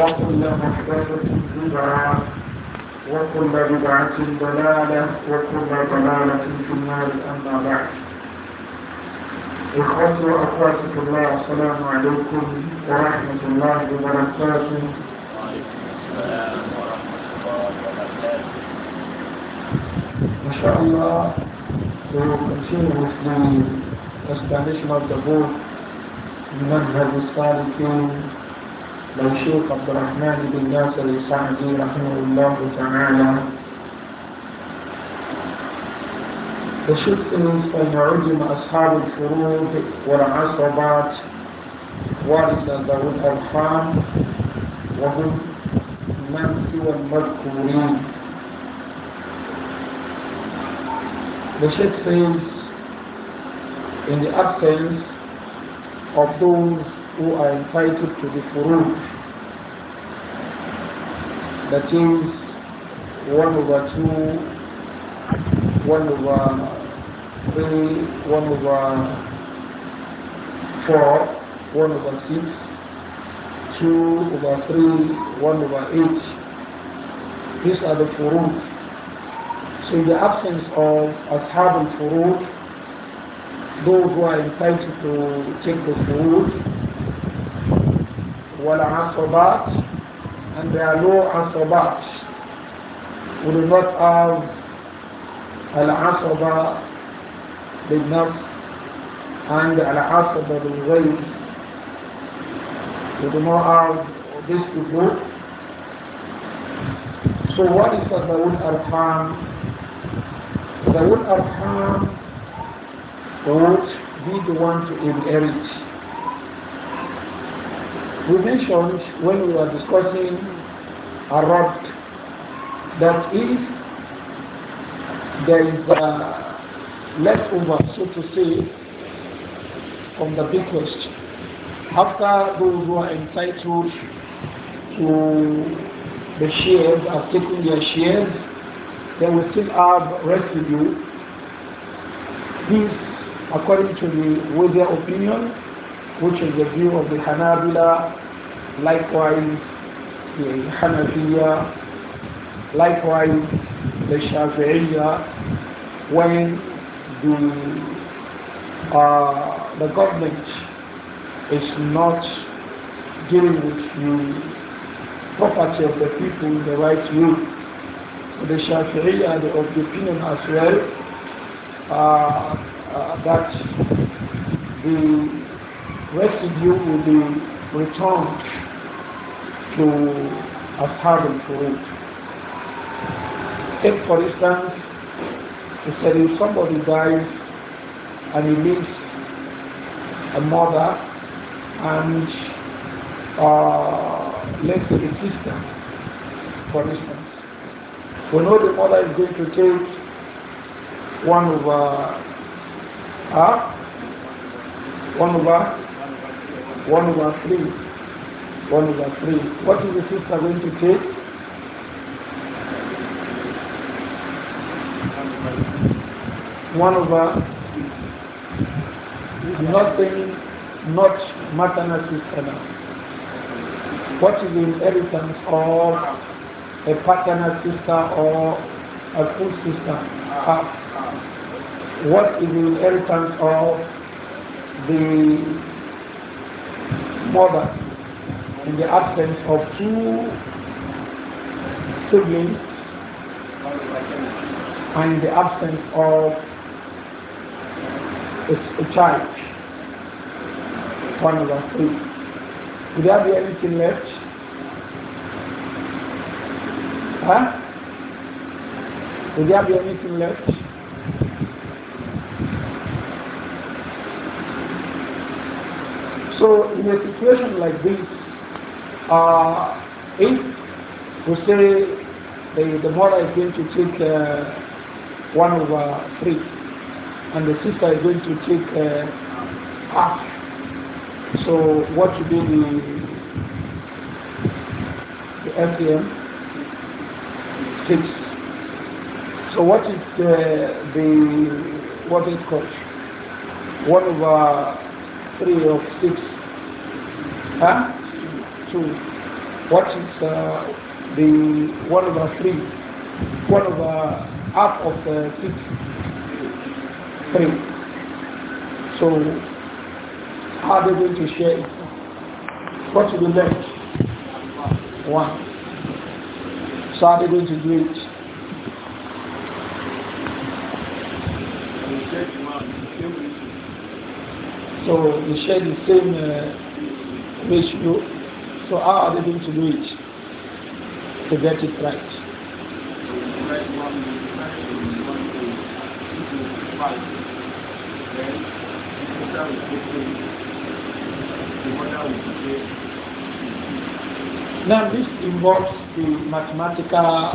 وكل محدثة بدعة وكل بدعة ضلالة وكل ضلالة في النار أما بعد إخوتي وأخواتي في الله السلام عليكم ورحمة الله وبركاته السلام شاء الله we will continue with the explanation of the book منهج السالكين موشوق عبد الرحمن بن ياسر السعدي رحمه الله تعالى وشفته فيعلم أصحاب الفروض والعصبات وارث ذوي الأرحام وهم من سوى المذكورين The Sheikh says, in the absence of those who are entitled to the furud. That is 1 over 2, 1 over 3, 1 over 4, 1 over 6, 2 over 3, 1 over 8. These are the furud. So in the absence of ashab al-furud, those who are entitled to take the furud, والعصبات and there are no عصبات we do not have العصبة بالنفس and العصبة بالغير we do not have this to do. so what is the Dawud Arham? Dawud Arham would be the one to inherit we mentioned when we were discussing a lot that if there is a leftover, so to say, from the bequest, after those who are entitled to the shares are taking their shares, they will still have residue. This, according to the weather opinion, which is the view of the Hanabila, likewise the Hanafiya, likewise the Shafi'iyya, when the, uh, the government is not dealing with the property of the people in the right way. The Shafi'iyya have of the opinion as well uh, uh, that the residue will be returned to Ashab al-Furud. Take for instance, he said if somebody dies and he leaves a mother and uh, let a sister, for instance. We know the mother is going to take one of half, one over 1 over 3. 1 over 3. What is the sister going to take? One over not saying not maternal sister now. What is the inheritance of a paternal sister or a full sister? Uh, what is the inheritance of the mother in the absence of two siblings and in the absence of a, a child. One over three. Would there be anything left? Huh? Would there be anything left? So in a situation like this, uh, if we say the, the mother is going to take uh, 1 over 3 and the sister is going to take uh, half, so what should be the, the FDM? 6. So what is uh, the, what is called? 1 over three or six? Huh? Two. What is uh, the one of the three? One of the half of the uh, six? Three. So how are they going to share it? What will be left? One. So how are they going to do it? So they share the same uh, ratio. So how are they going to do it to get it right? Now this involves the mathematical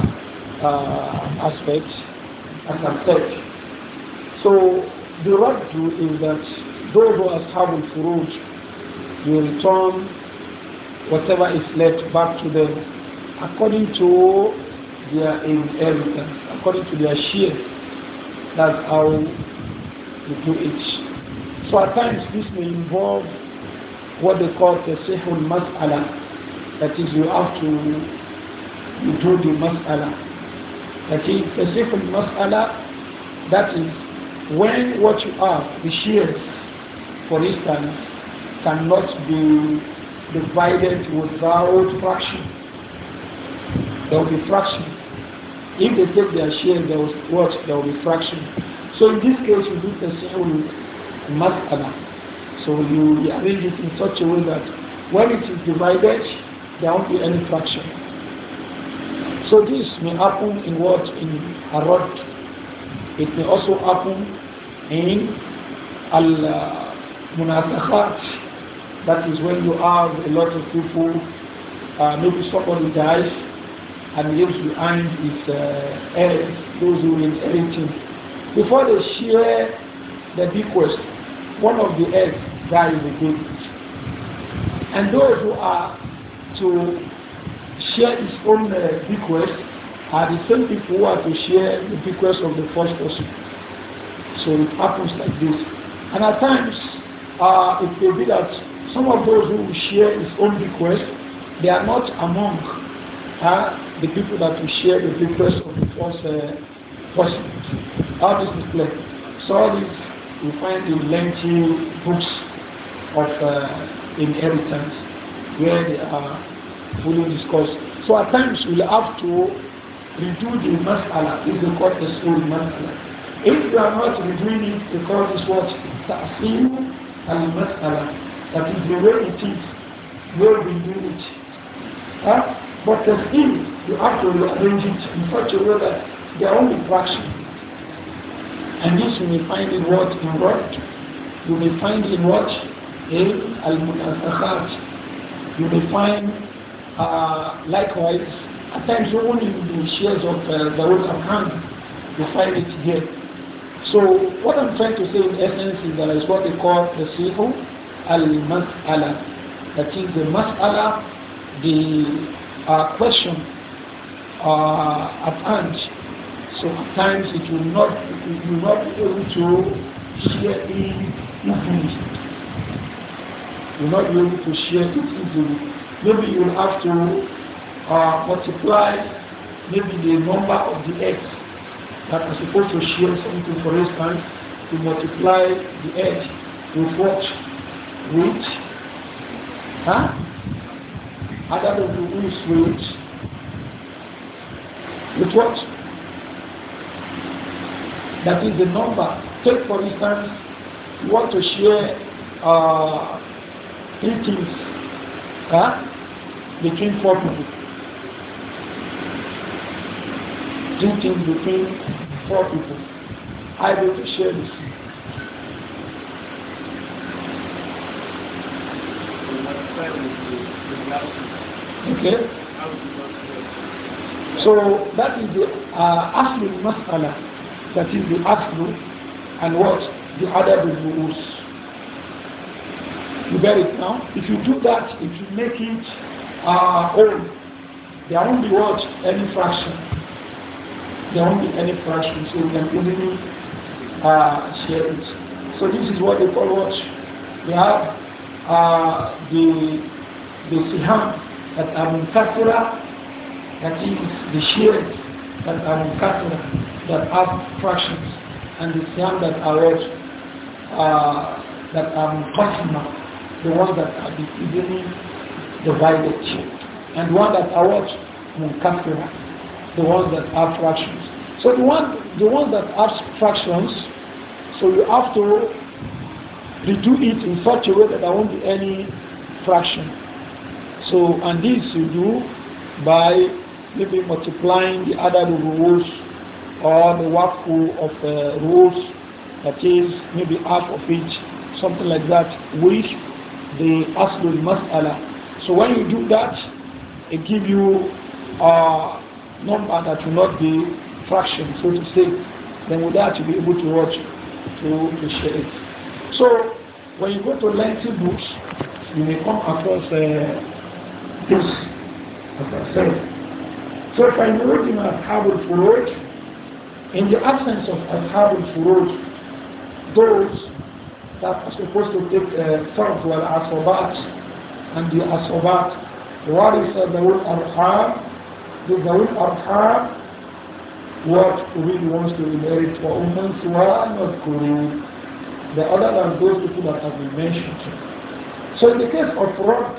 uh, aspect, as I said. So the right view is that those who are Ashabul Furuj will return whatever is left back to them according to their inheritance, according to their share. That's how we do it. So at times this may involve what they call the Sehul Mas'ala. That is, you have to you do the Mas'ala. That is, the Sehul Mas'ala, that is, when what you have, the shares, for instance, cannot be divided without fraction. There will be fraction. If they take their share, there will, what? There will be fraction. So in this case, we do the same mas'ala. So you, you arrange it in such a way that when it is divided, there won't be any fraction. So this may happen in what? In Harod. It may also happen in Allah. Uh, that is when you have a lot of people, uh, maybe somebody dies and leaves behind his uh, heirs, those who inherit him. Before they share the bequest, one of the heirs dies again. And those who are to share his own uh, bequest are the same people who are to share the bequest of the first person. So it happens like this. And at times, uh, it may be that some of those who share his own request, they are not among uh, the people that will share the request of the first uh, person. How does this play? So this we find in lengthy books of uh, inheritance where they are fully discussed. So at times we'll have to redo the mas'ala is they call the mas'ala. If you are not redoing it because it's what? Ta'asim al-mas'ala. That is the way it is, where we do it. Huh? But the thing, you have to arrange it in such a way that there are only fractions. And this you may find in what? In what? You may find in what? In al-mutasakhat. You may find uh, likewise, at times even in the shares of uh, the old account, you find it get. So what I'm trying to say in essence is it's what they call the sihu al-mas'ala. That is the mas'ala, the uh, question uh, at hand. So at times it will not, it will not be able to share it You will not be able to share it easily. Maybe you will have to uh, multiply maybe the number of the eggs that is supposed to share something, for instance, to multiply the edge with what? With? Huh? Other than the use with? With what? That is the number. Take for instance, you want to share uh, three things huh? between four people. Three things between four people I able to share this. Okay. So that is the uh, Aslu Masala, that is the Aslu and what? The other rules. You get it now? If you do that, if you make it uh, they there won't be what? Any fraction there won't be any fraction, so we can easily uh, share it. Ah, so this is what they call what we have uh, the the siham that are munkasira, that is the shares that are munkasira, that have fractions, and the siham that are uh, that are munkasima, the ones that are easily divided, and one that are in munkasira, the ones that are fractions. So the one, the one that has fractions, so you have to redo it in such a way that there won't be any fraction. So, and this you do by maybe multiplying the other rules or the waffle of the uh, rules, that is maybe half of each, something like that, with the must mas'ala. So when you do that, it gives you a uh, number that will not be fraction, so to say, then with that you'll be able to watch, to, to share it. So when you go to lengthy books, you may come across uh, this, as I said. So if I'm looking al Harvard Furoj, in the absence of Harvard Furoj, those that are supposed to take Farz uh, wal Asobat and the Asobat, what is the word al Arham, the word al Arham what really wants to be married for women are not Quran, the other than those people that have been mentioned. So in the case of fraud,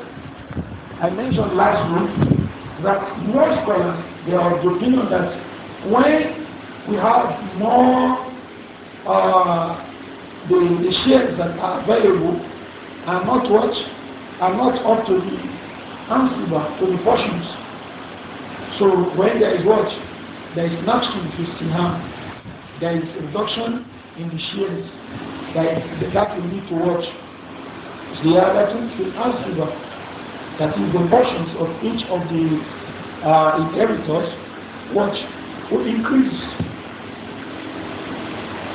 I mentioned last week that most scholars they are of the opinion that when we have more uh, the, the shares that are available are not what are not up to the answer to the portions. So when there is what there is laxity in Islam. There is reduction in the shares. That, that will need to we ask fil asriba. That is the portions of each of the uh, inheritors watch will increase.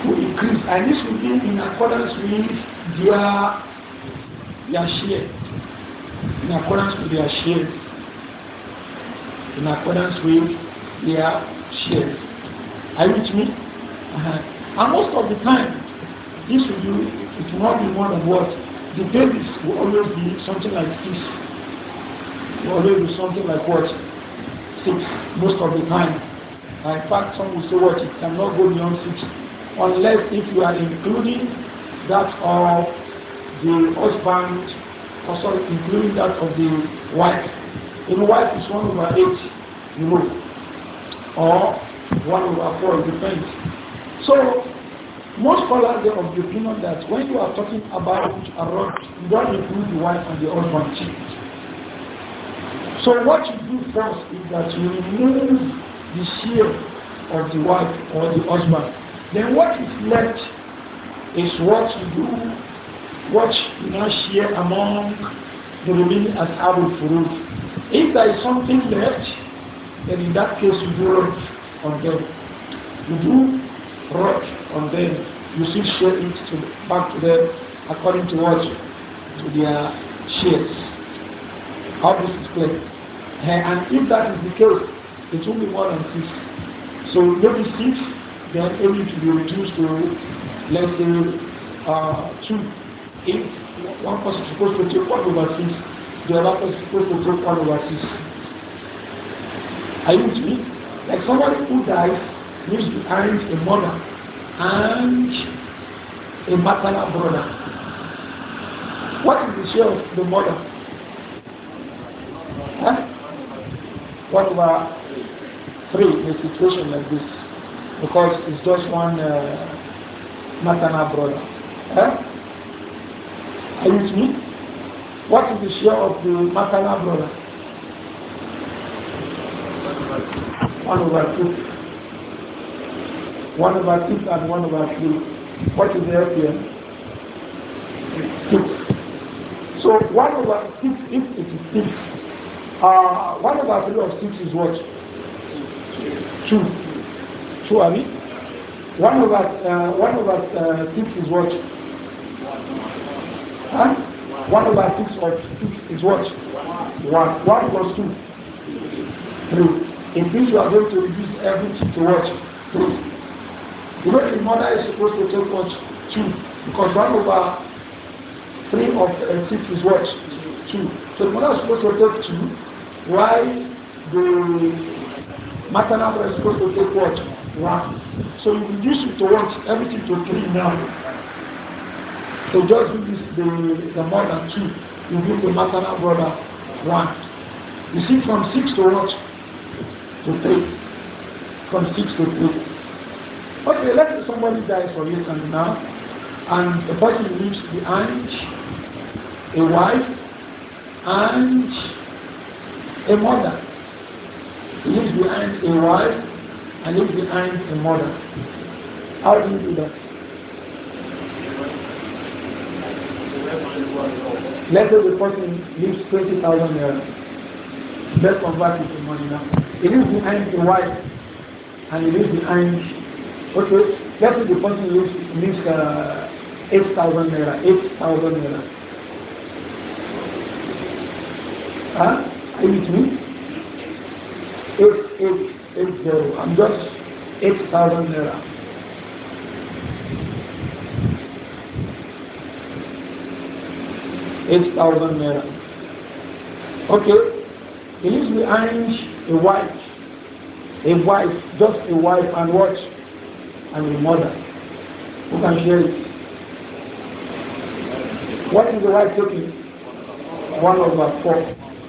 Will increase. And this will be in accordance with their, their share. In accordance with their share. In accordance with their shares. Are you with me? Uh -huh. And most of the time, this will do, it will not be more than what? The babies will always be something like this. Will always be something like what? Six, most of the time. Uh, in fact, some will say what? It cannot go beyond six. Unless if you are including that of the husband, or sorry, including that of the wife. In wife is one over eight, you know or one over four, depends. So most scholars are of the opinion that when you are talking about a rod, you don't include the wife and the husband cheat. So what you do first is that you remove the shield of the wife or the husband. Then what is left is what you do, what you now share among the remaining as Abu Furud. If there is something left, then in that case you do work on them. You do rot on them. You still share it to, back to them according to what? To their shares. How this is played. Eh, and if that is the case, it will be more than six. So maybe six, they are able to be reduced to less than uh, two. If one person is supposed to take one over six, the other person is supposed to take one over six. Are you with me? Like somebody who dies leaves behind a mother and a maternal brother. What is the share of the mother? Huh? One over three in a situation like this because it's just one uh, maternal brother. Huh? Are you with me? What is the share of the maternal brother? 1 over 2. 1 over 6 and 1 over 3. What is the LPM? 6. So 1 over 6, if it is 6, uh, 1 over 3 of 6 is what? 2. 2, I mean. 1 over, uh, 1 over uh, 6 is what? Huh? 1 over 6 of 6 is what? 1. 1 plus 2? 3 in this you are going to reduce everything to what? Three. You know, a mother is supposed to take what? Two. Because one over three of six is what? Two. So the mother is supposed to take two, Why the maternal brother is supposed to take what? One. So you reduce it to what? Everything to three now. So just give this, the, the mother two, you give the maternal brother one. You see from six to what? to 3. From 6 to 3. Okay, let's say somebody dies for years and now, and the person leaves behind a wife and a mother. He leaves behind a wife and leaves behind a mother. How do you do that? Let's say the person leaves 20,000 euros. Let's convert it to money now. He the behind the white, and he the behind, okay, let the person leaves, leaves uh, 8,000 naira, 8,000 naira. Huh? Are you with me? 8880. Eight, I'm just 8,000 naira. Eight thousand naira. Okay, he behind a white. A wife, just a wife and what? And a mother. Who can share it? What is the wife taking? One over four.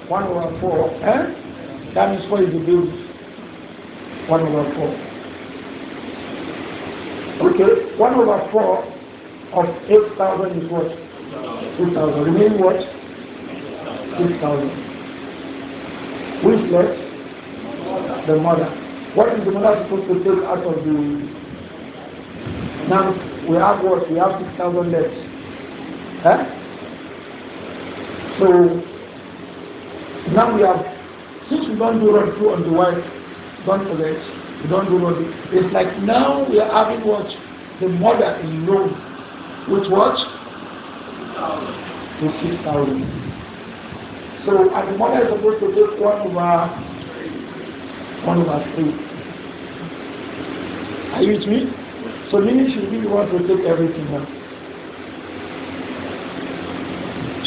One over four. Eh? That means what is the bill? One over four. Okay, one over four of eight thousand is what? Two thousand. Remain what? Six thousand. Which left? The mother. What is the mother supposed to take out of the... Now, we have what? We have 6,000 left. Huh? So, now we have... Since we don't do road two on the wife, don't forget, we don't do road. It's like now we are having what? The mother in Rome. Which what? To 6,000. So, and the mother is supposed to take one our, one our three. Are you with me? So meaning should be the one to take everything now.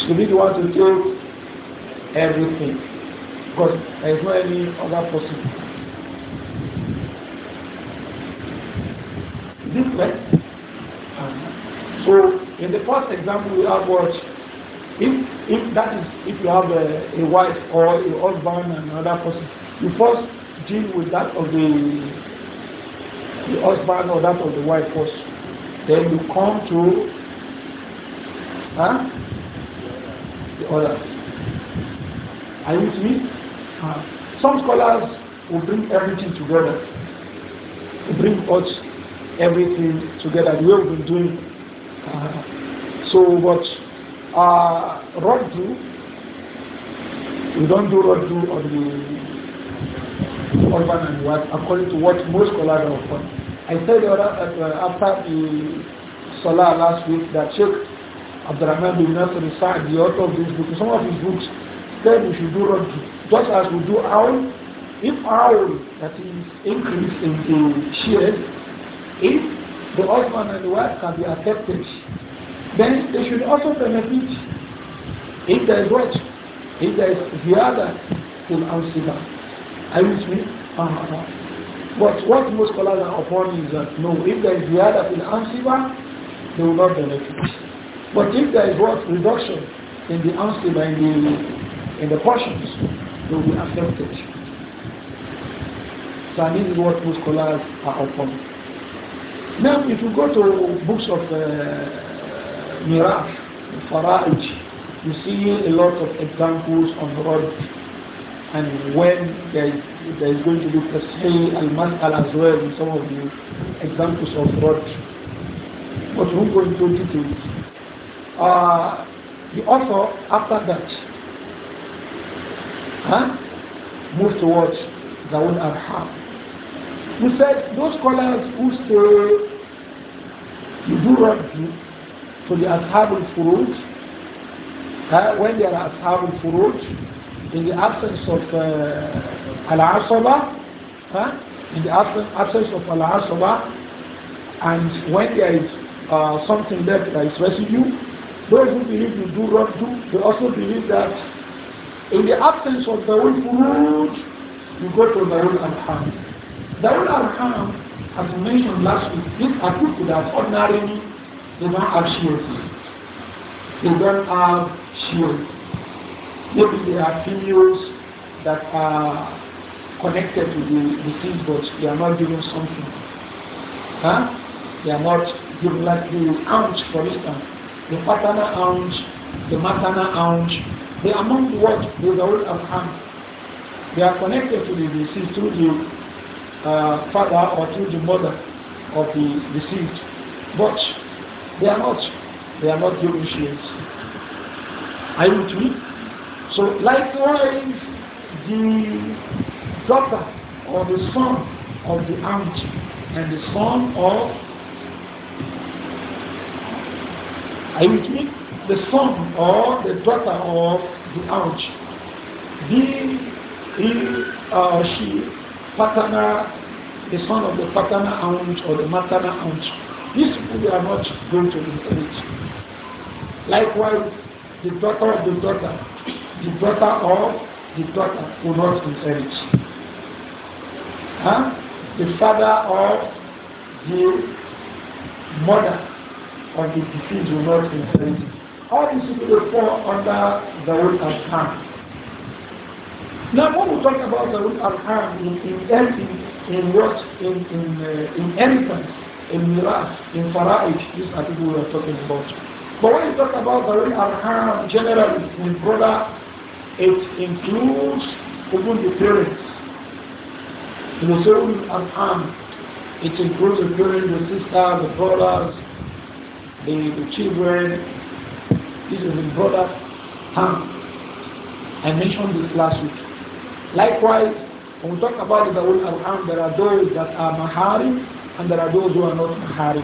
Should be the one to take everything. Because there is no any other person. This way. So in the first example we have what if if that is if you have a, a wife or a husband and another person, you first deal with that of the the husband or that of the wife first. Then you come to huh? the other. Are you with me? Huh. Some scholars will bring everything together. Will bring us everything together, the way we've been doing. Uh, so what uh, Roddu, we don't do Roddu on the husband and wife according to what most scholars are upon. I said uh, uh, after the Salah last week that Sheikh Abdurrahman bin Nasir Sa'd, the author of this book, some of his books, said we should do Rabbi, just as we do owl. If owl, that is increased in the shares, if the husband and the wife can be accepted, then they should also benefit if there is what? If there is the other, al-sibah. Are you with me? Ah, ah, ah. But what most scholars are upon is that no, if there is jihad in Ansiba, they will not benefit. But if there is what reduction in the Ansiba, in the, in the portions, they will be affected. So this is what most scholars are upon. Now, if you go to books of uh, Miraf, Faraj, you see a lot of examples on the road and when there is, there is going to be tasheeh al-mas'al as well in some of the examples of what. But we won't go into details. Uh, the author, after that, huh, moved towards al-Ham. He said, those scholars who say you do right to the Ashab al-Furuj, uh, when they are Ashab al-Furuj, in the absence of uh, al-asaba, huh? in the absence of al-asaba, and when there is uh, something left that is residue, those who believe you do not do, they also believe that in the absence of the will you go to the will and ham The will and ham as we mentioned last week, these are people that ordinarily they don't have shields. They don't have shields. Maybe there are females that are connected to the deceased, but they are not given something. Huh? They are not given like the aunt, for instance, the paternal aunt, the maternal aunt. They are not what they the old of aunt. They are connected to the deceased through the uh, father or through the mother of the deceased, but they are not. They are not giving shares. Are you with me? So likewise, the daughter or the son of the aunt and the son of are you with me? The son or the daughter of the aunt. The he or uh, she partner the son of the paternal aunt or the maternal aunt. These people are not going to inherit. Likewise, the daughter of the daughter the daughter or the daughter will not inherit. Huh? The father or the mother of the deceased will not inherit. All these people fall under the rule of harm. Now when we talk about the rule of harm in, in, in, in what? In, in, uh, in inheritance, in miras, in fara'id, these are people we are talking about. But when you talk about the rule of harm generally, in brother it includes even the parents. The Muslim and Am. It includes the parents, the sisters, the brothers, the, the children. This is the brother Ham. I mentioned this last week. Likewise, when we talk about the Al-Am, there are those that are Maharim and there are those who are not Maharim.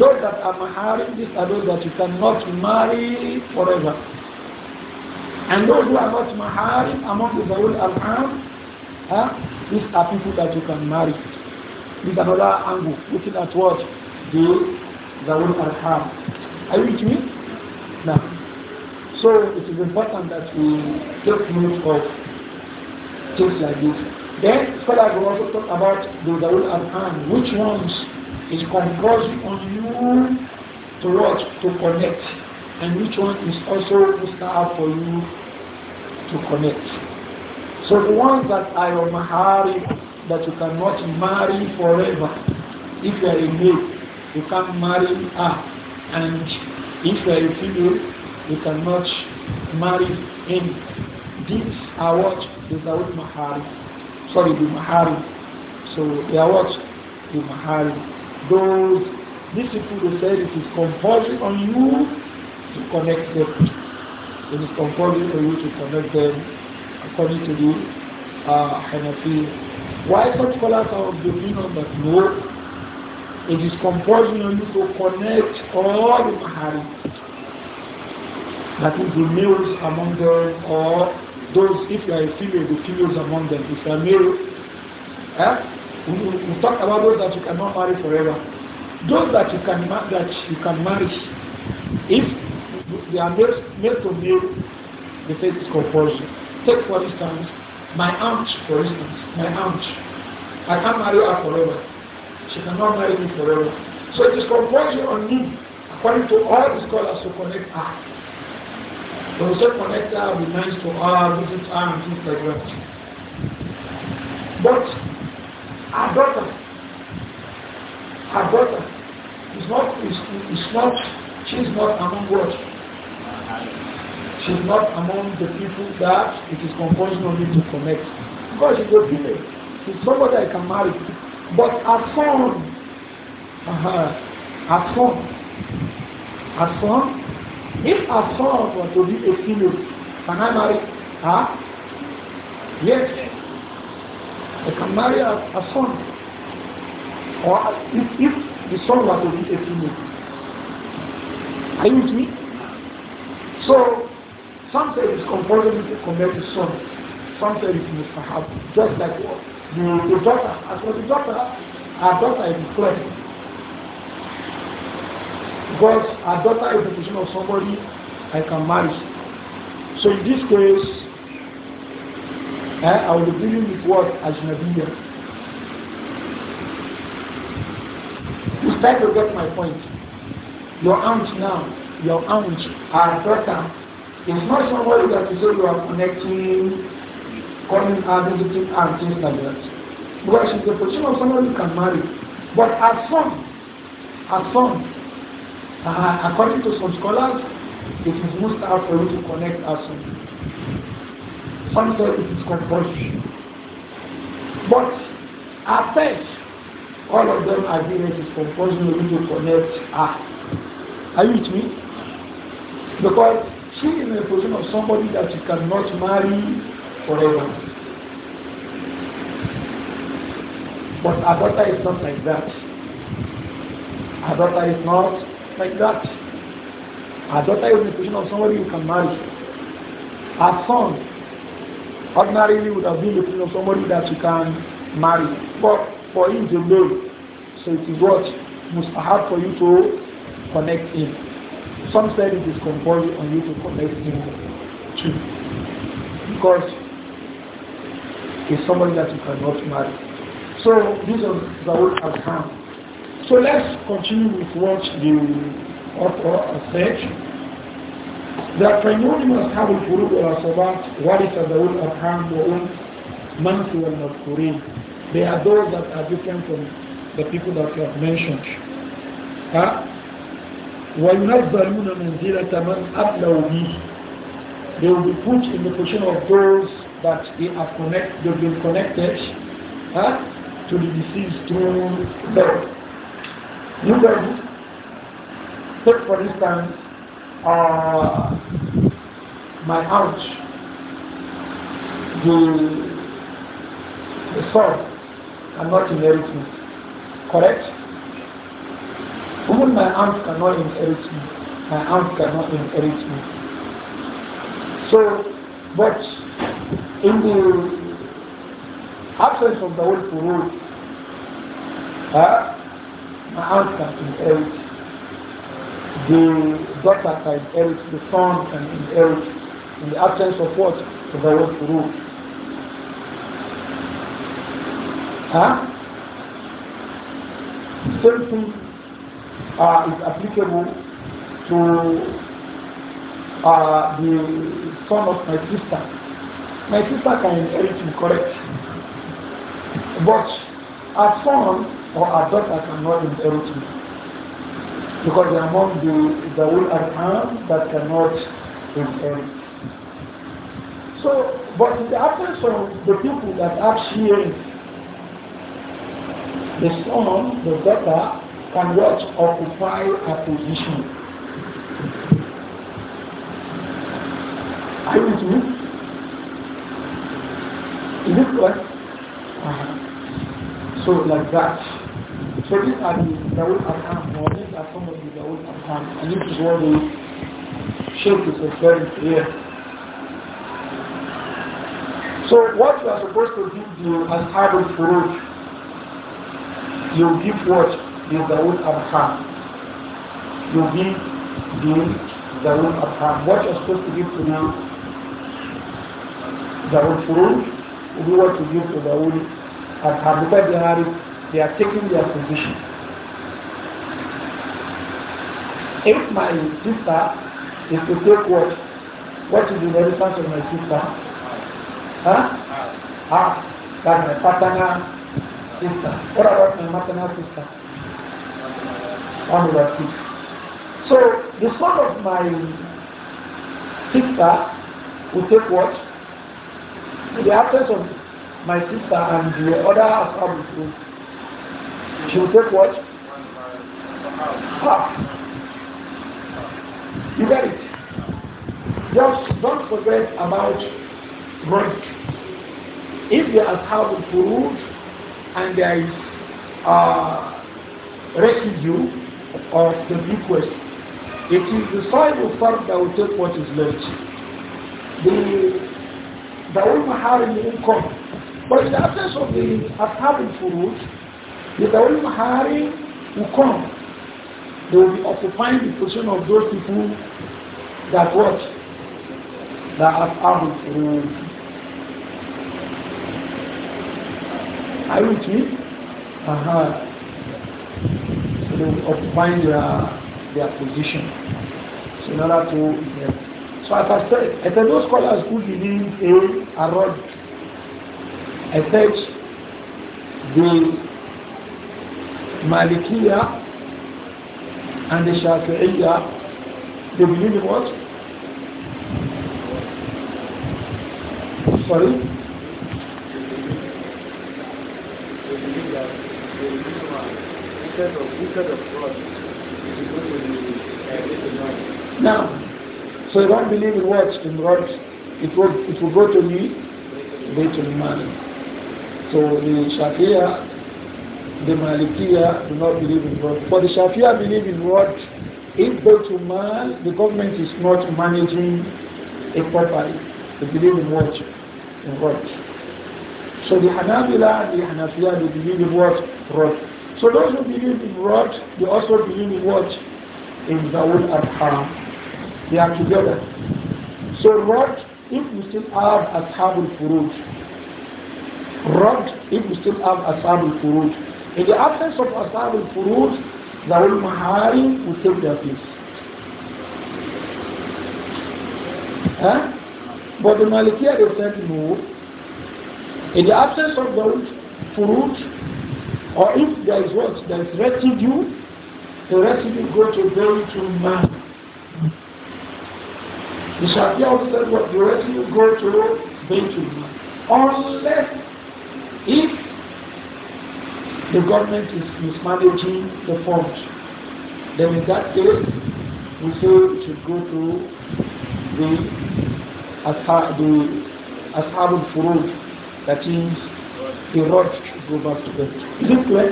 Those that are Maharim, these are those that you cannot marry forever. And those who are not maharim among the Zawul Al-Am, huh? these are people that you can marry. This is another angle, looking at what? The Zawul Al-Am. Are you with me? Now, so it is important that we take note of things like this. Then scholars will also talk about the Zawul Al-Am, which ones is composed on you to watch, to connect and which one is also star for you to connect. So the ones that are your mahari, that you cannot marry forever, if you are a male, you can't marry her, and if you are a female, you cannot marry him. These are what the Zawud Mahari, sorry, the Mahari. So they are what? The Mahari. Those, these people, they said it is compulsory on you to connect them. It is compulsory for you to connect them according to the uh, Hanafi. Why such scholars are of the opinion that no, it is compulsory on you to connect all the marriages That is the males among them or those, if you are a female, the females among them. If you are male, eh? we, we, we talk about those that you cannot marry forever. Those that you can, that you can marry, if they are made, made to be the faith's is Take for instance, my aunt, for instance, my aunt. I can't marry her forever. She cannot marry me forever. So it is compulsory on me, according to all the scholars to connect her. we connect her, with nice to her, visit her, and things like that. But our daughter, our daughter, is not, is, is not, is not among God she's not among the people that it is compulsory me to connect. Because she's a female. She's somebody I can marry. But her son, uh, her son, her son, if her son were to be a female, can I marry her? Yes. I can marry a, son. Or if, if the son were to be a female. Are you with me? So some say it's compulsory to commit the son. Some say it's mustahab. Just like what? The, the daughter. As for the daughter, our daughter is clear. Because our daughter is the position of somebody I can marry. So in this case, eh, I will be dealing with what? Nabiya. You start to get my point. Your aunt now, your aunt, our daughter, It's not somebody that you say you are connecting, calling her, visiting her, things like that. Because she's the position of somebody you can marry. But as son, as son, uh, according to some scholars, it is mustahab for you to connect as son. Some say it is compulsory. But at first, all of them agree that it is compulsory to connect her. Ah, are you with me? Because still in the position of somebody that you cannot marry forever. But our daughter is not like that. Our daughter is not like that. Our daughter is in the position of somebody you can marry. Our son ordinarily would have been in the position of somebody that you can marry. But for him to know, so it is what must have for you to connect him. Some said it is compulsory on you to collect too. Because it's somebody that you cannot marry. So this is the word of harm. So let's continue with what the author said. the word of الْفُرُوبِ The وَرِثَ ذَوُوا and not وَالْمَذْكُورِينَ They are those that are different from the people that you have mentioned. Huh? وَيُنَزَّلُونَ مَنْزِلَةَ مَنْ أَبْلَوْ بِهِ They will be put in the position of those that they are connected, they've been connected huh, to the deceased through love. You can take for instance uh, my aunt, the, the son, I'm not in everything, correct? Even my aunt cannot inherit me. My aunt cannot inherit me. So, but in the absence of the old Purud, uh, my aunt can inherit. The daughter can inherit. The son can inherit. In the absence of what? Of the old Purud. Huh? Same thing uh, is applicable to uh, the son of my sister. My sister can inherit him, correct? But a son or a daughter cannot inherit it Because they are among the, the will and arm that cannot inherit. So, but in the absence of the people that have sharing, the son, the daughter, can what? Occupy a position. Are you with me? Is it correct? Uh -huh. So like that. So these are the Dawud Arham, or these are some of the Dawud Arham, and this is what the Shaykh is referring to here. So what you are supposed to give the Ashab al-Furuj, you give what? you Zawul Arham. You give the Zawul Arham. What you're supposed to give to now, Zawul Furul, We be what you give to Zawul Arham. Because they are, they are taking their position. If my sister is to take what? What is the relevance of my sister? Huh? Ah, that's my partner sister. What about my maternal sister? 1 over 6. So the son of my sister will take what? the absence of my sister and the other husband she will take what? Half. You get it? Just don't forget about rank. If they are Ashab Furud and there is uh, residue, of the bequest. It is the of Fard that will take what is left. The Dawul Mahar will come. But in the absence of the Ashab al-Furuj, the Dawul Mahar will come. They will be occupying the position of those people that what? That Ashab al Are you with me? Uh-huh they will occupying their, their position. So in order to help. So as I said, I said those scholars who believe in a rod, I said the Malikiya and the Shafi'iyya, they believe in what? Sorry? Now, so you don't believe in words, in God, it will, it will go to me, to man. So the Shafi'a, the Malikiya do not believe in God. For the Shafi'a believe in what? if to man, the government is not managing it properly. They believe in what in God. So the Hanabila, the Hanafiya, they believe in what words. So those who believe in what, they also believe in what? In Zawul and They are together. So what if we still have Ashabul Furud? What if we still have Ashabul Furud. In the absence of Ashabul Furud, Zawul Mahari will take their place. Huh? But the Malikiya they said no. In the absence of Zawul Furud, or if there is what? There is residue, the residue goes to bury to man. The Shafi'i also said what? The residue goes to bury to man. Unless if the government is mismanaging the fund, then in that case, we say it should go to the Ashab al-Furud, that means the Rajj go back to them. Is it clear?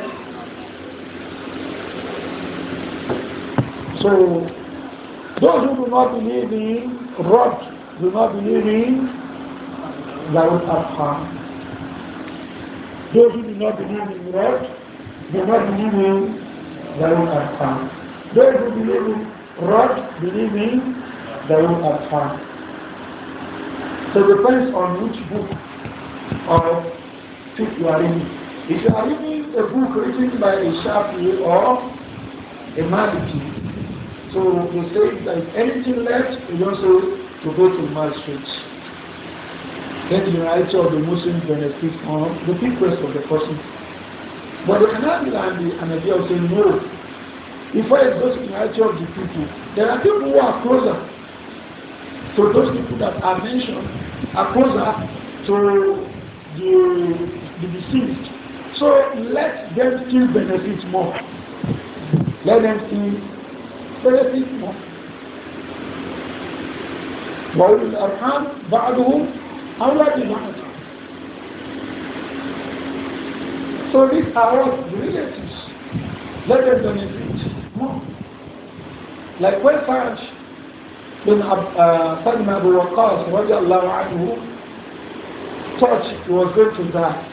So, those who do not believe in rot do not believe in Yahweh Arfan. Those who do not believe in rot do not believe in Yahweh Arfan. Those who believe in rot believe in Yahweh Arfan. So it depends on which book or fiqh you are in. If you are reading a book written by a Shafi or a Maliki, so you say if anything left, you don't say to go to magistrate. Then the unity of the Muslims benefits on the request of the person. But the be and the Anabiya of saying no. Before it goes to the unity of the people, there are people who are closer. So those people that are mentioned are closer to the, the deceased so let them still benefit more. Let them still benefit more. وأولي الأرحام بعضهم أولى ببعض. So these are all relatives. Let them benefit more. Like when Faraj bin uh, Salman Abu Waqqas radiallahu anhu thought he was going to die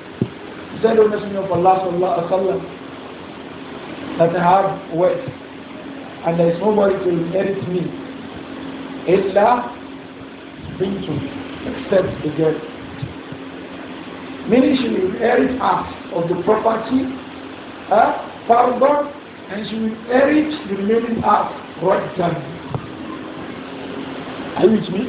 said, O Messenger of Allah sallallahu alaihi wasallam, that I have wealth, and there is nobody to inherit me, illa bintu, except the girl. Meaning she will inherit half of the property, uh, pardon, and she will inherit the remaining half, rajdan. Are you with me?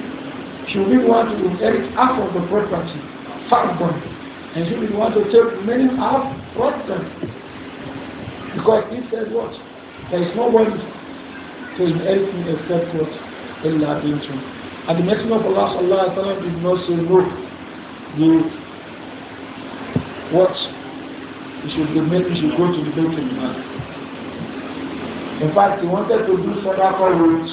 She will be one to inherit half of the property, pardon. And he wanted want to take many out brought them. Because he said what? There is no one to inherit except what? Allah Bintum. And the mention of Allah Allah did not say no. you, what? You should be made, you should go to the Baitul Mal. In fact, he wanted to do sadaqa with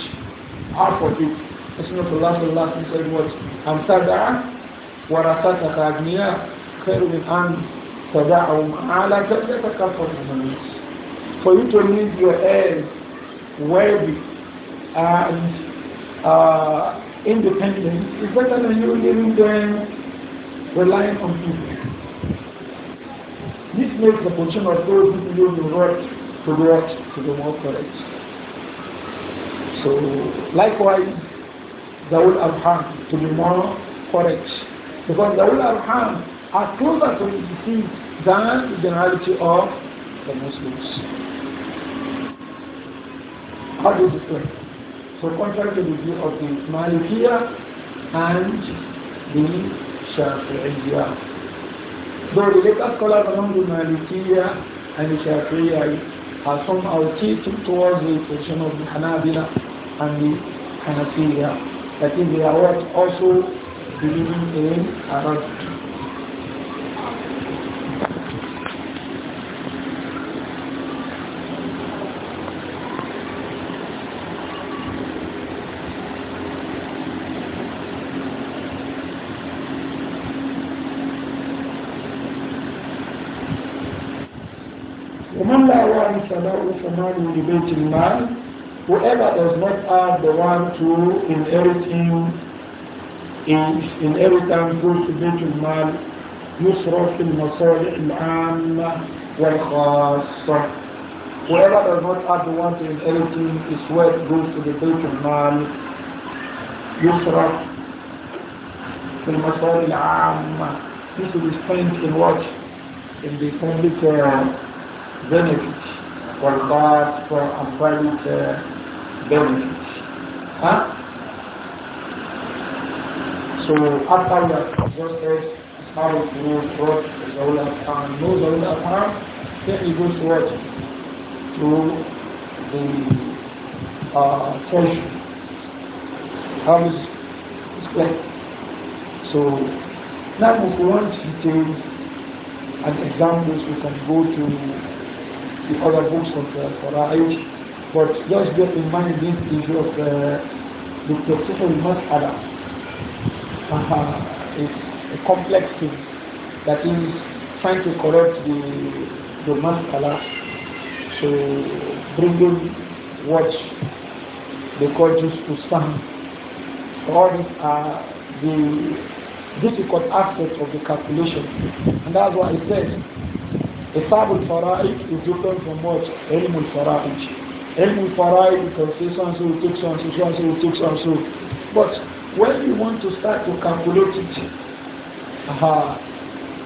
half of it. not of Allah sallallahu alayhi wa He said what? Amsada'a warasata agniya خير من أن تدعهم على جنة كفر For you to leave your head, wealthy and uh, independent is better than you leaving them relying on people. This makes the position of those who believe right to work to be more correct. So likewise, the will of harm to be more correct. Because the will of harm are closer to the see than the generality of the Muslims. How do you explain? So contrary to the view of the Malikiya and the Shafi'iyya. Though the later scholars among the Malikiya and the Shafi'iyya are uh, somehow teaching towards the position of the Hanabila and the Hanafiya. think they are also believing in Arabia. man will debate in man. Whoever does not add the one to inherit him, is inheritance goes to bait in man. يصرف في المصالح العامة والخاصة. Whoever does not add the one to inherit him, his wealth goes to the bait man. man. يصرف في المصالح العامة. This is spent in what? In the public uh, benefit. والله for employment uh, benefits. Huh? So after we have exhausted Islamic rules, what is the rule of Islam, no the rule of then we go to what? To the uh, How is this explained? So now if we want details and examples, we can go to the other books of uh, Fara'id. But just bear in mind eh, this issue of the Tafsir al-Mas'ala. Uh-huh. It's a complex thing that is trying to correct the, the Mas'ala to bring in what they call just to stand. All these are the difficult aspects of the calculation. And that's why I said the al-Fara'id is different from what? Ilm al-Fara'id. Ilm al-Fara'id, you can say so and so, we took so and so, so and so, took so and so. But when you want to start to calculate it, uh,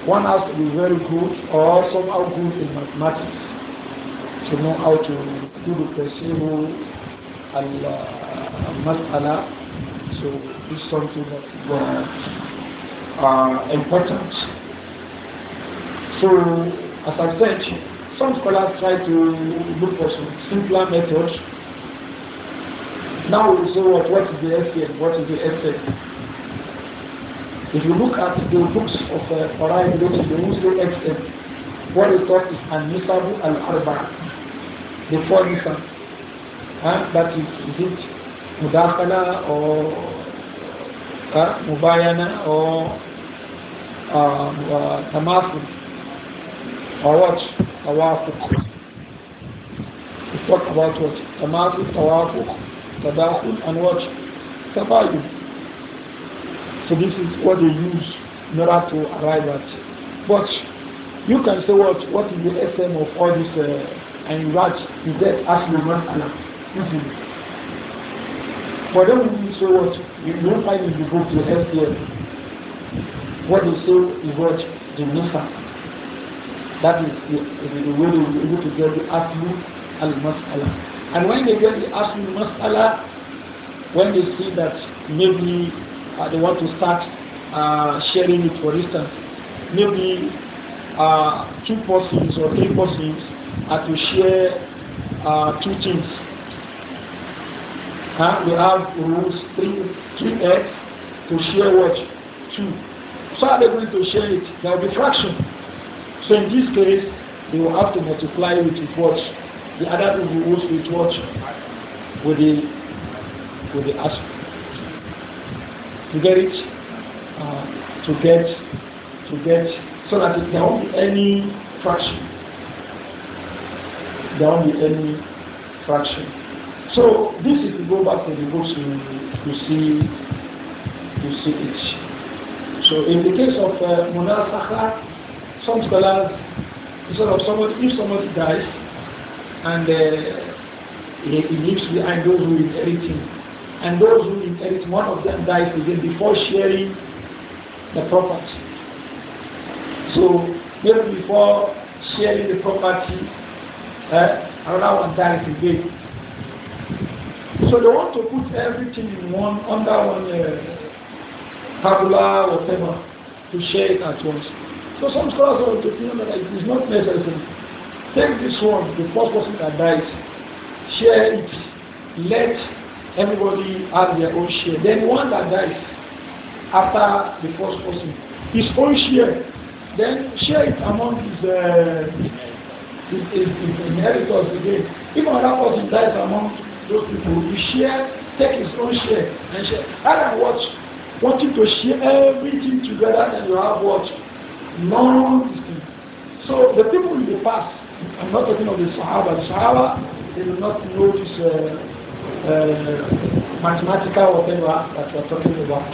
one has to be very good or somehow good in mathematics to know how to do the precision al-mas'ala. Uh, so it's something that is uh, important. So as I said, some scholars try to look for some simpler methods. Now we say what, what is the and What is the SN? If you look at the books of uh, Quran, you the Muslim what what is taught is an Nisabu al Arba, the four Nisab. Huh? That is, is it Mudakala or uh, Mubayana or uh, uh, or what? Tawafuq. We talked about what? Tamathuk, Tawafuq, Tadakhul, and what? So this is what they use in order to arrive at. But you can say what? What is the essence of all this? Uh, and you write, you get actually not Allah. But then when you say what, you don't find in the book the SDL. What you say is what? The Nisa. That is the, the, way they will be able to get the Aslu al-mas'ala. And when they get the Aslu mas'ala, when they see that maybe uh, they want to start uh, sharing it, for instance, maybe uh, two persons or three persons are to share uh, two things. Huh? We have rules three, three X to share what? Two. So are they going to share it? There will be fraction. So in this case, you will have to multiply with what the other will also with what with the with the ask to get it uh, to get to get so that there won't be any fraction. There won't be any fraction. So this is to go back to the books you, you see you see it. So in the case of uh, some scholars, sort of somebody, if somebody dies and uh, he, he leaves behind those who him and those who inherit, one of them dies again before sharing the property. So even before sharing the property, uh, another one dies again. So they want to put everything in one under one uh, tabula, whatever, to share it at once. So some scholars are of the opinion that it is not necessary. Take this one, the first person that dies, share it, let everybody have their own share. Then one that dies after the first person, his own share, then share it among his, uh, his, his, his inheritors again. Even that person dies among those people, he share, take his own share and share. Rather than what, wanting to share everything together and you have what? long distance. So the people in the past, I'm not talking of the Sahaba, the Sahaba, they do not notice this uh, uh, mathematical whatever that we're talking about.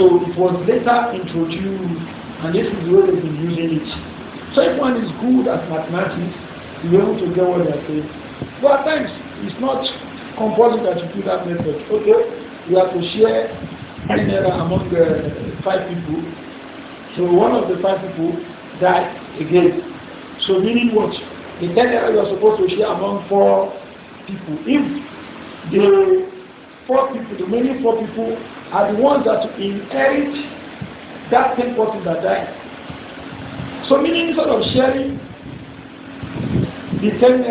So it was later introduced, and this is where they've been using it. So if one is good at mathematics, you're able to get what they're saying. But thanks, it's not compulsory that you do that method. Okay, you have to share 10 among uh, five people so one of the five people died again. So meaning what? The ten naira you are supposed to share among four people. If the four people, the many four people are the ones that inherit that ten person that died. So meaning instead of sharing the ten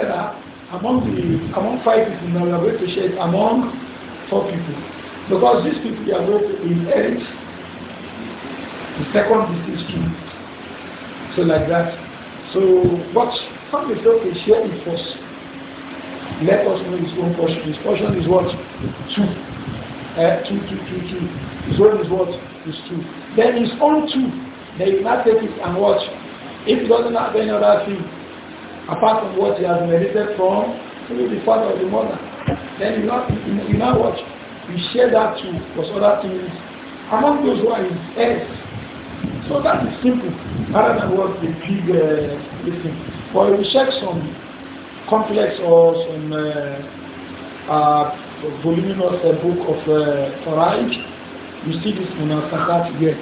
among the among five people, now we are going to share it among four people. Because these people are going to inherit the second is two. So like that. So what some is okay, share it first. Let us know his own portion. His portion is what? Two. Uh, two, two, two, two. His own is what? Is two. Then his own two. Then you not take it and watch. If he doesn't have any other thing, apart from what he has inherited from, will be father or the mother, then you not you, you watch. You share that too, because other things among those who are his heirs So that is simple, rather than what the big uh, listen. But if you check some complex or some uh, uh, voluminous uh, book of uh, Farage, you see this munasakat here.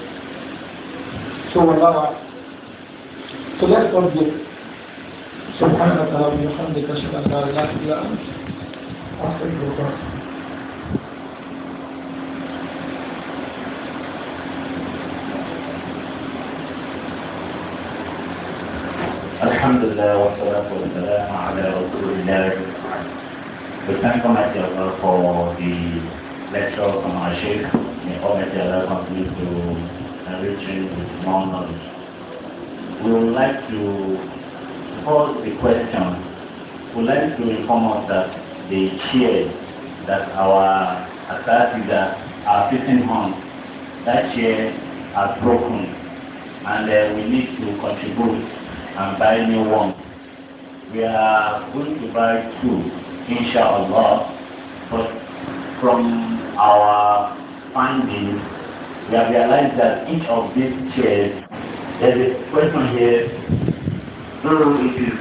So Allah. So let's not go. سبحانك اللهم وبحمدك اشهد ان لا اله الا انت استغفرك الحمد لله والصلاة والسلام على رسول الله We thank Almighty for the lecture from our Sheikh. May Almighty Allah continue to enrich you with more knowledge. We would like to pose the question. We would like to inform us that the chair that our Asatiza are sitting on, that chair are broken and uh, we need to contribute and buy new ones. We are going to buy two, inshallah, but from our findings, we have realized that each of these chairs, there's a question here, if it is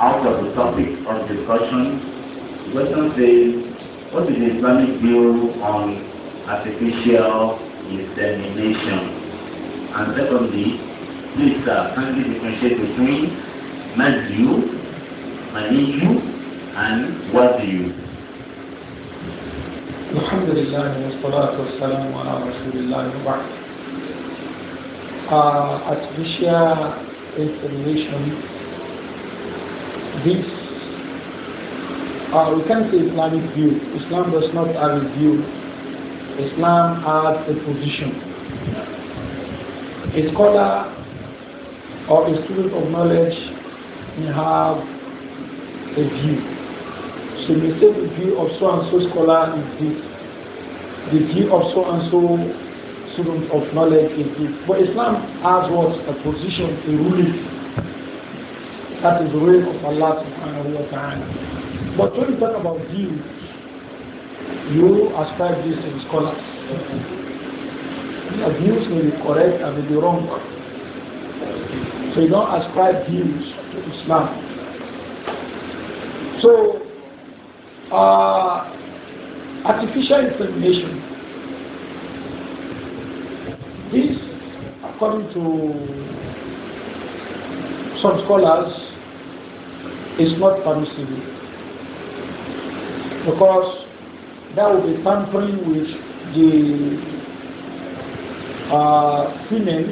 out of the topic of discussion, the question says, what is the Islamic view on artificial insemination? And secondly, Please uh, kindly differentiate between Maziyu, Maniyu, and Waziyu. الحمد لله والصلاة والسلام على رسول الله وبعد. Uh, artificial insemination, this, uh, we can't say Islamic view. Islam does not have a view. Islam has a position. A scholar or a student of knowledge may have a view. So may say the view of so and so scholar is this, the view of so and so student of knowledge is this. But Islam has what a position, a ruling. That is the way of Allah subhanahu wa ta'ala. But when you talk about view, you ascribe this in scholars. views may be correct and may be wrong. So you don't ascribe views to Islam. So, uh, artificial insemination. This, according to some scholars, is not permissible because that would be tampering with the uh, female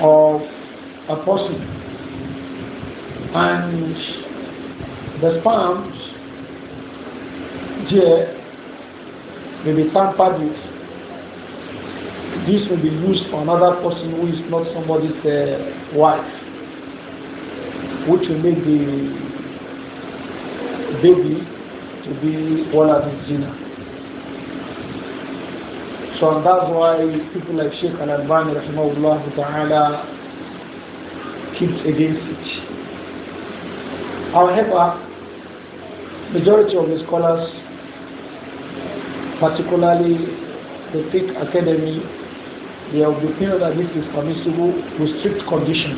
of apostle. And the sperms there may be tampered with. This will be used for another person who is not somebody's uh, wife, which will make the baby to be one of his dinner. So that's why people like Sheikh Al-Albani, rahimahullah ta'ala, keeps against it. However, majority of the scholars, particularly the Fiqh Academy, they have the opinion that this is permissible with strict condition.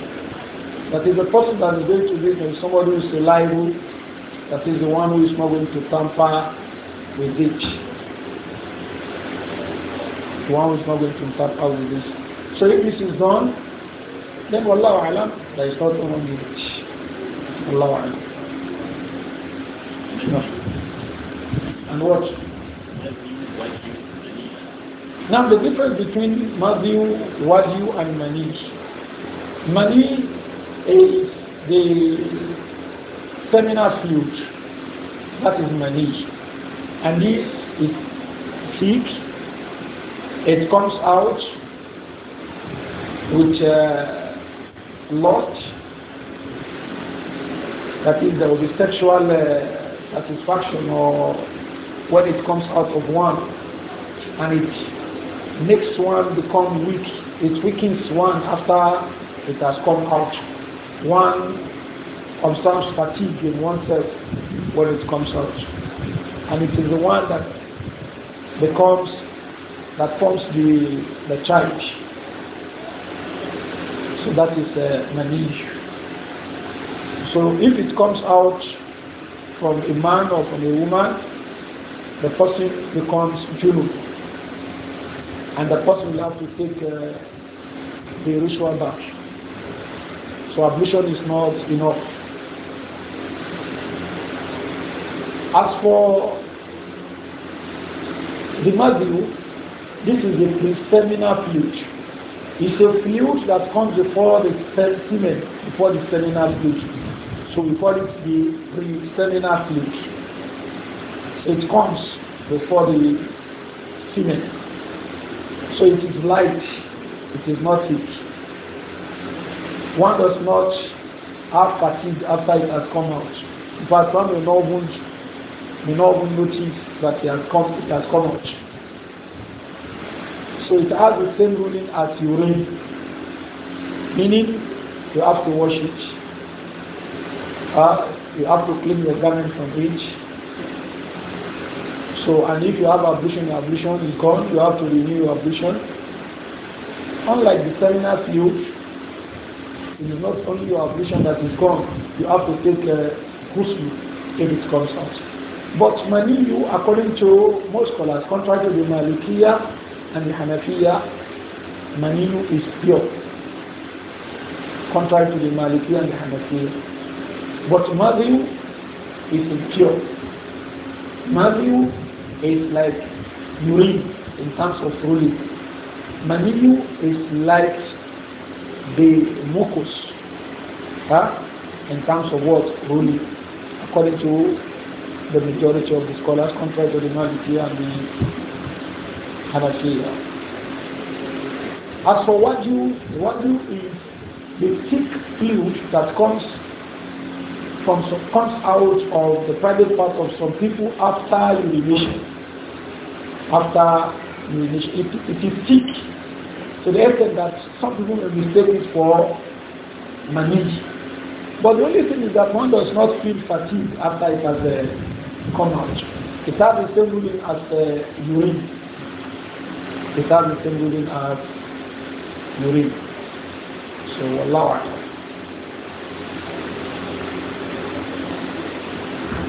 That is the person that is going to this and somebody who is reliable, that is the one who is not going to tamper with it. The one who is not going to tamper with this. So if this is done, then Wallahu Alam, there is not only it. Wallahu Alam. No. And what? Now the difference between Madhu, Wadiyu and Mani. Mani is the seminal fluid. That is Mani. And this is thick. It comes out with uh, that that is, there will be sexual uh, satisfaction or when it comes out of one and it makes one become weak. It weakens one after it has come out. One observes fatigue in oneself when it comes out. And it is the one that becomes, that forms the, the charge. So that is uh, mani. So if it comes out from a man or from a woman, the person becomes junub. And the person will have to take uh, the ritual bath. So ablution is not enough. As for the madu, this is the preliminary fluid. It's a field that comes before the semen, before the seminal fluid. So we call it the pre-seminal fluid. it comes before the semen. So it is light, it is not heat. One does not have fatigue after it has come out. In fact, one may not even, may not even notice that it has come, it has come out. So it has the same ruling as urine, meaning you have to wash it. Uh, you have to clean your garment from it. So, and if you have ablution, your ablution is gone, you have to renew your ablution. Unlike the seminars you, it is not only your ablution that is gone, you have to take a ghusl if it comes out. But many you, according to most scholars, contrary to the Malikiya, and the Hanafiya, Maninu is pure, contrary to the Maliki and the Hanafiya. But Madhu is impure. Madhu is like urine in terms of ruling. Maninu is like the mucus huh? in terms of what ruling, according to the majority of the scholars, contrary to the Maliki and the Hanafiya. As for what you is the thick fluid that comes from comes out of the private part of some people after urination. After urination, it, it is thick. So the extent that some people may mistake it for manage. But the only thing is that one does not feel fatigued after it has uh, come out. It has the same ruling as uh, urine. Kitab is same reading as Nurin. So Allah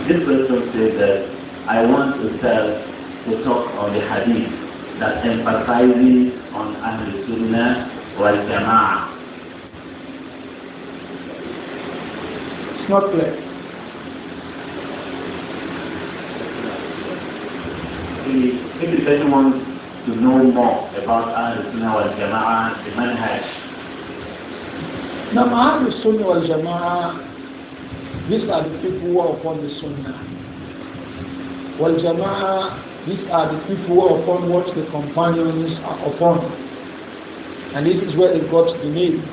This person says that I want to sell the talk on the hadith that emphasizes on Ahlul Sunnah wal Jama'ah. It's not clear. If, if to know more about Ahl Sunnah wal Jama'ah, the manhaj? Now, Ahl Sunnah wal Jama'ah, these are the people who are upon the Sunnah. Wal Jama'ah, these are the people who are upon what the companions are upon. And this is where it got the name.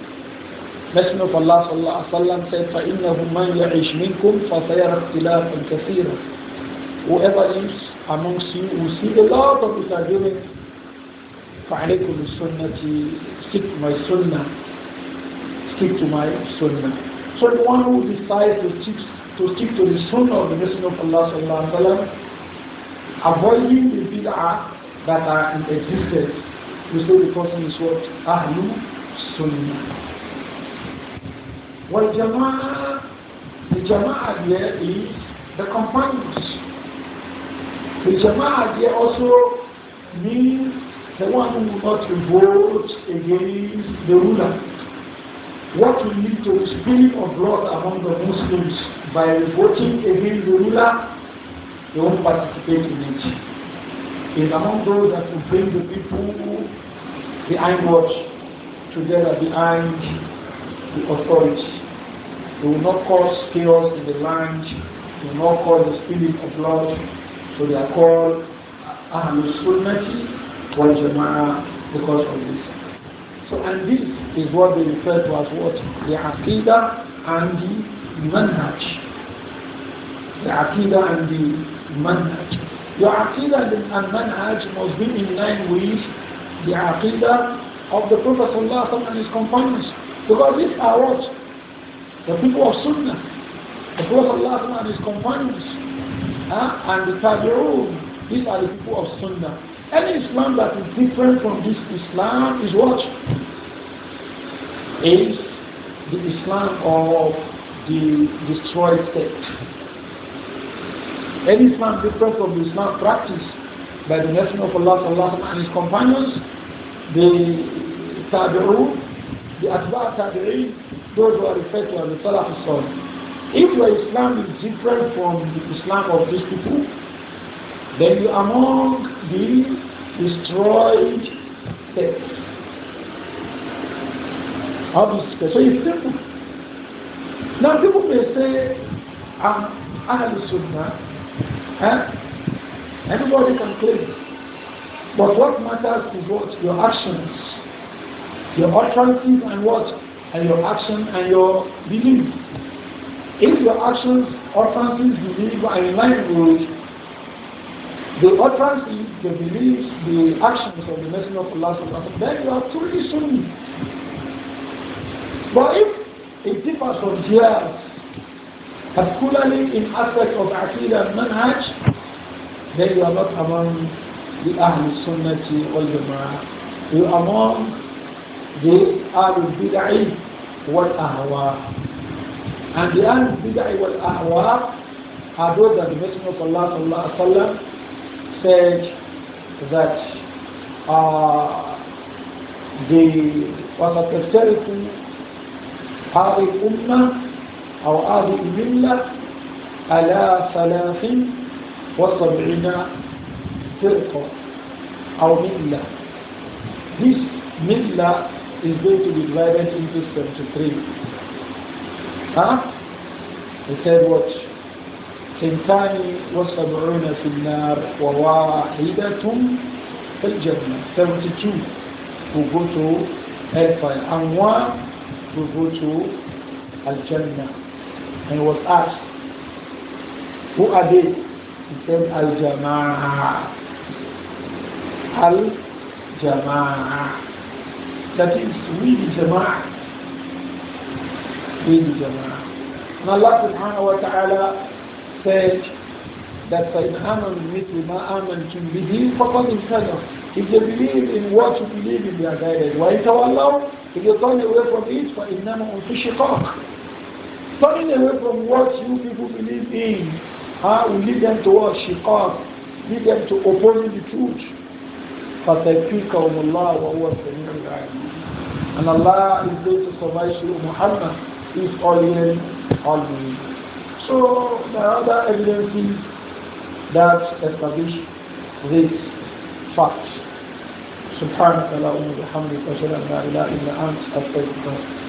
Messenger of Allah sallallahu alaihi wasallam said, فَإِنَّهُمْ مَنْ يَعِشْ مِنْكُمْ فَسَيَرَ اخْتِلَافًا كَثِيرًا Whoever lives amongst you will see a lot of disagreements فعليكم بالسنة stick to my sunnah stick to my sunnah so the one who decides to stick to stick to the sunnah of the Messenger of Allah صلى الله عليه وسلم, avoiding the bid'ah that are in existence we say the person is what ahlu sunnah Jama'ah, the jama'ah here is the companions the jama'ah here also means the one who will not revolt against the ruler. What will lead to the spirit of blood among the Muslims by voting against the ruler, they won't participate in it. It's among those that will bring the people behind what? Together behind the authority. They will not cause chaos in the land, they will not cause the spirit of blood, so they are called Ahlul Sunnati jama'ah because of this. So, and this is what they refer to as what? The aqidah and the manhaj. The aqidah and the manhaj. Your aqidah and manhaj must be in line with the aqidah of the Prophet ﷺ and his companions. Because these are what? The people of Sunnah. The Prophet ﷺ and his companions. Huh? And the Tabi'un. These are the people of Sunnah. Any Islam that is different from this Islam is what? Is the Islam of the destroyed state. Any Islam different from the Islam practiced by the Messenger of Allah sallallahu and his companions, the Tabi'u, the Atba' Tabi'in, those who are referred to as the Salaf If your Islam is different from the Islam of these people, then you are among the destroyed sects. How do you So it's simple. Now people may say, I'm a Sunnah. Huh? Anybody can claim. But what matters is what? Your actions. Your utterances and what? And your action and your belief. If your actions, utterances, belief are in line with the utterance, the beliefs, the actions of the Messenger of Allah, then you are truly Sunni. But if it differs from theirs, particularly in aspects of Aqidah and Manhaj, then you are not among the Ahlul Sunnati the Jama'ah. You are among the Ahlul Bid'ah wal Ahwa. And the Ahlul Bid'ah wal Ahwa are those that the Messenger of Allah sallallahu alaihi wasallam said that uh, the وستفترق هذه الأمة أو هذه الملة على ثلاث وسبعين فرقة أو ملة This milla is going to be divided into 73. Huh? He said what? اثنتان وسبعون في النار وواحدة في الجنة 72 will go to hellfire and one will go to Al-Jannah and was asked who are they? he said Al-Jama'ah Al-Jama'ah that is we the Jama'ah we the Jama'ah and Allah subhanahu wa ta'ala said that فَإِنْ آمَنُوا مِثْلِ مَا آمَنْتُمْ بِهِ فَقَدْ اِهْتَدَوْا If they believe in what you believe in, they are guided. وَإِتَوَلَّوْا If they turn away from it, For فَإِنَّمَا أُنْتُ شِقَاقٍ Turning away from what you people believe in uh, will lead them towards shiqaq, lead them to opposing the truth. But I فَتَيْفِيكَهُمُ اللَّهُ وَهُوَ السَّمِيعُ الْعَلِيمُ And Allah is going to survive through Muhammad, is all in, all in. So there are other evidences that establish this fact. سبحانك اللهم وبحمدك اشهد ان لا اله الا انت استغفرك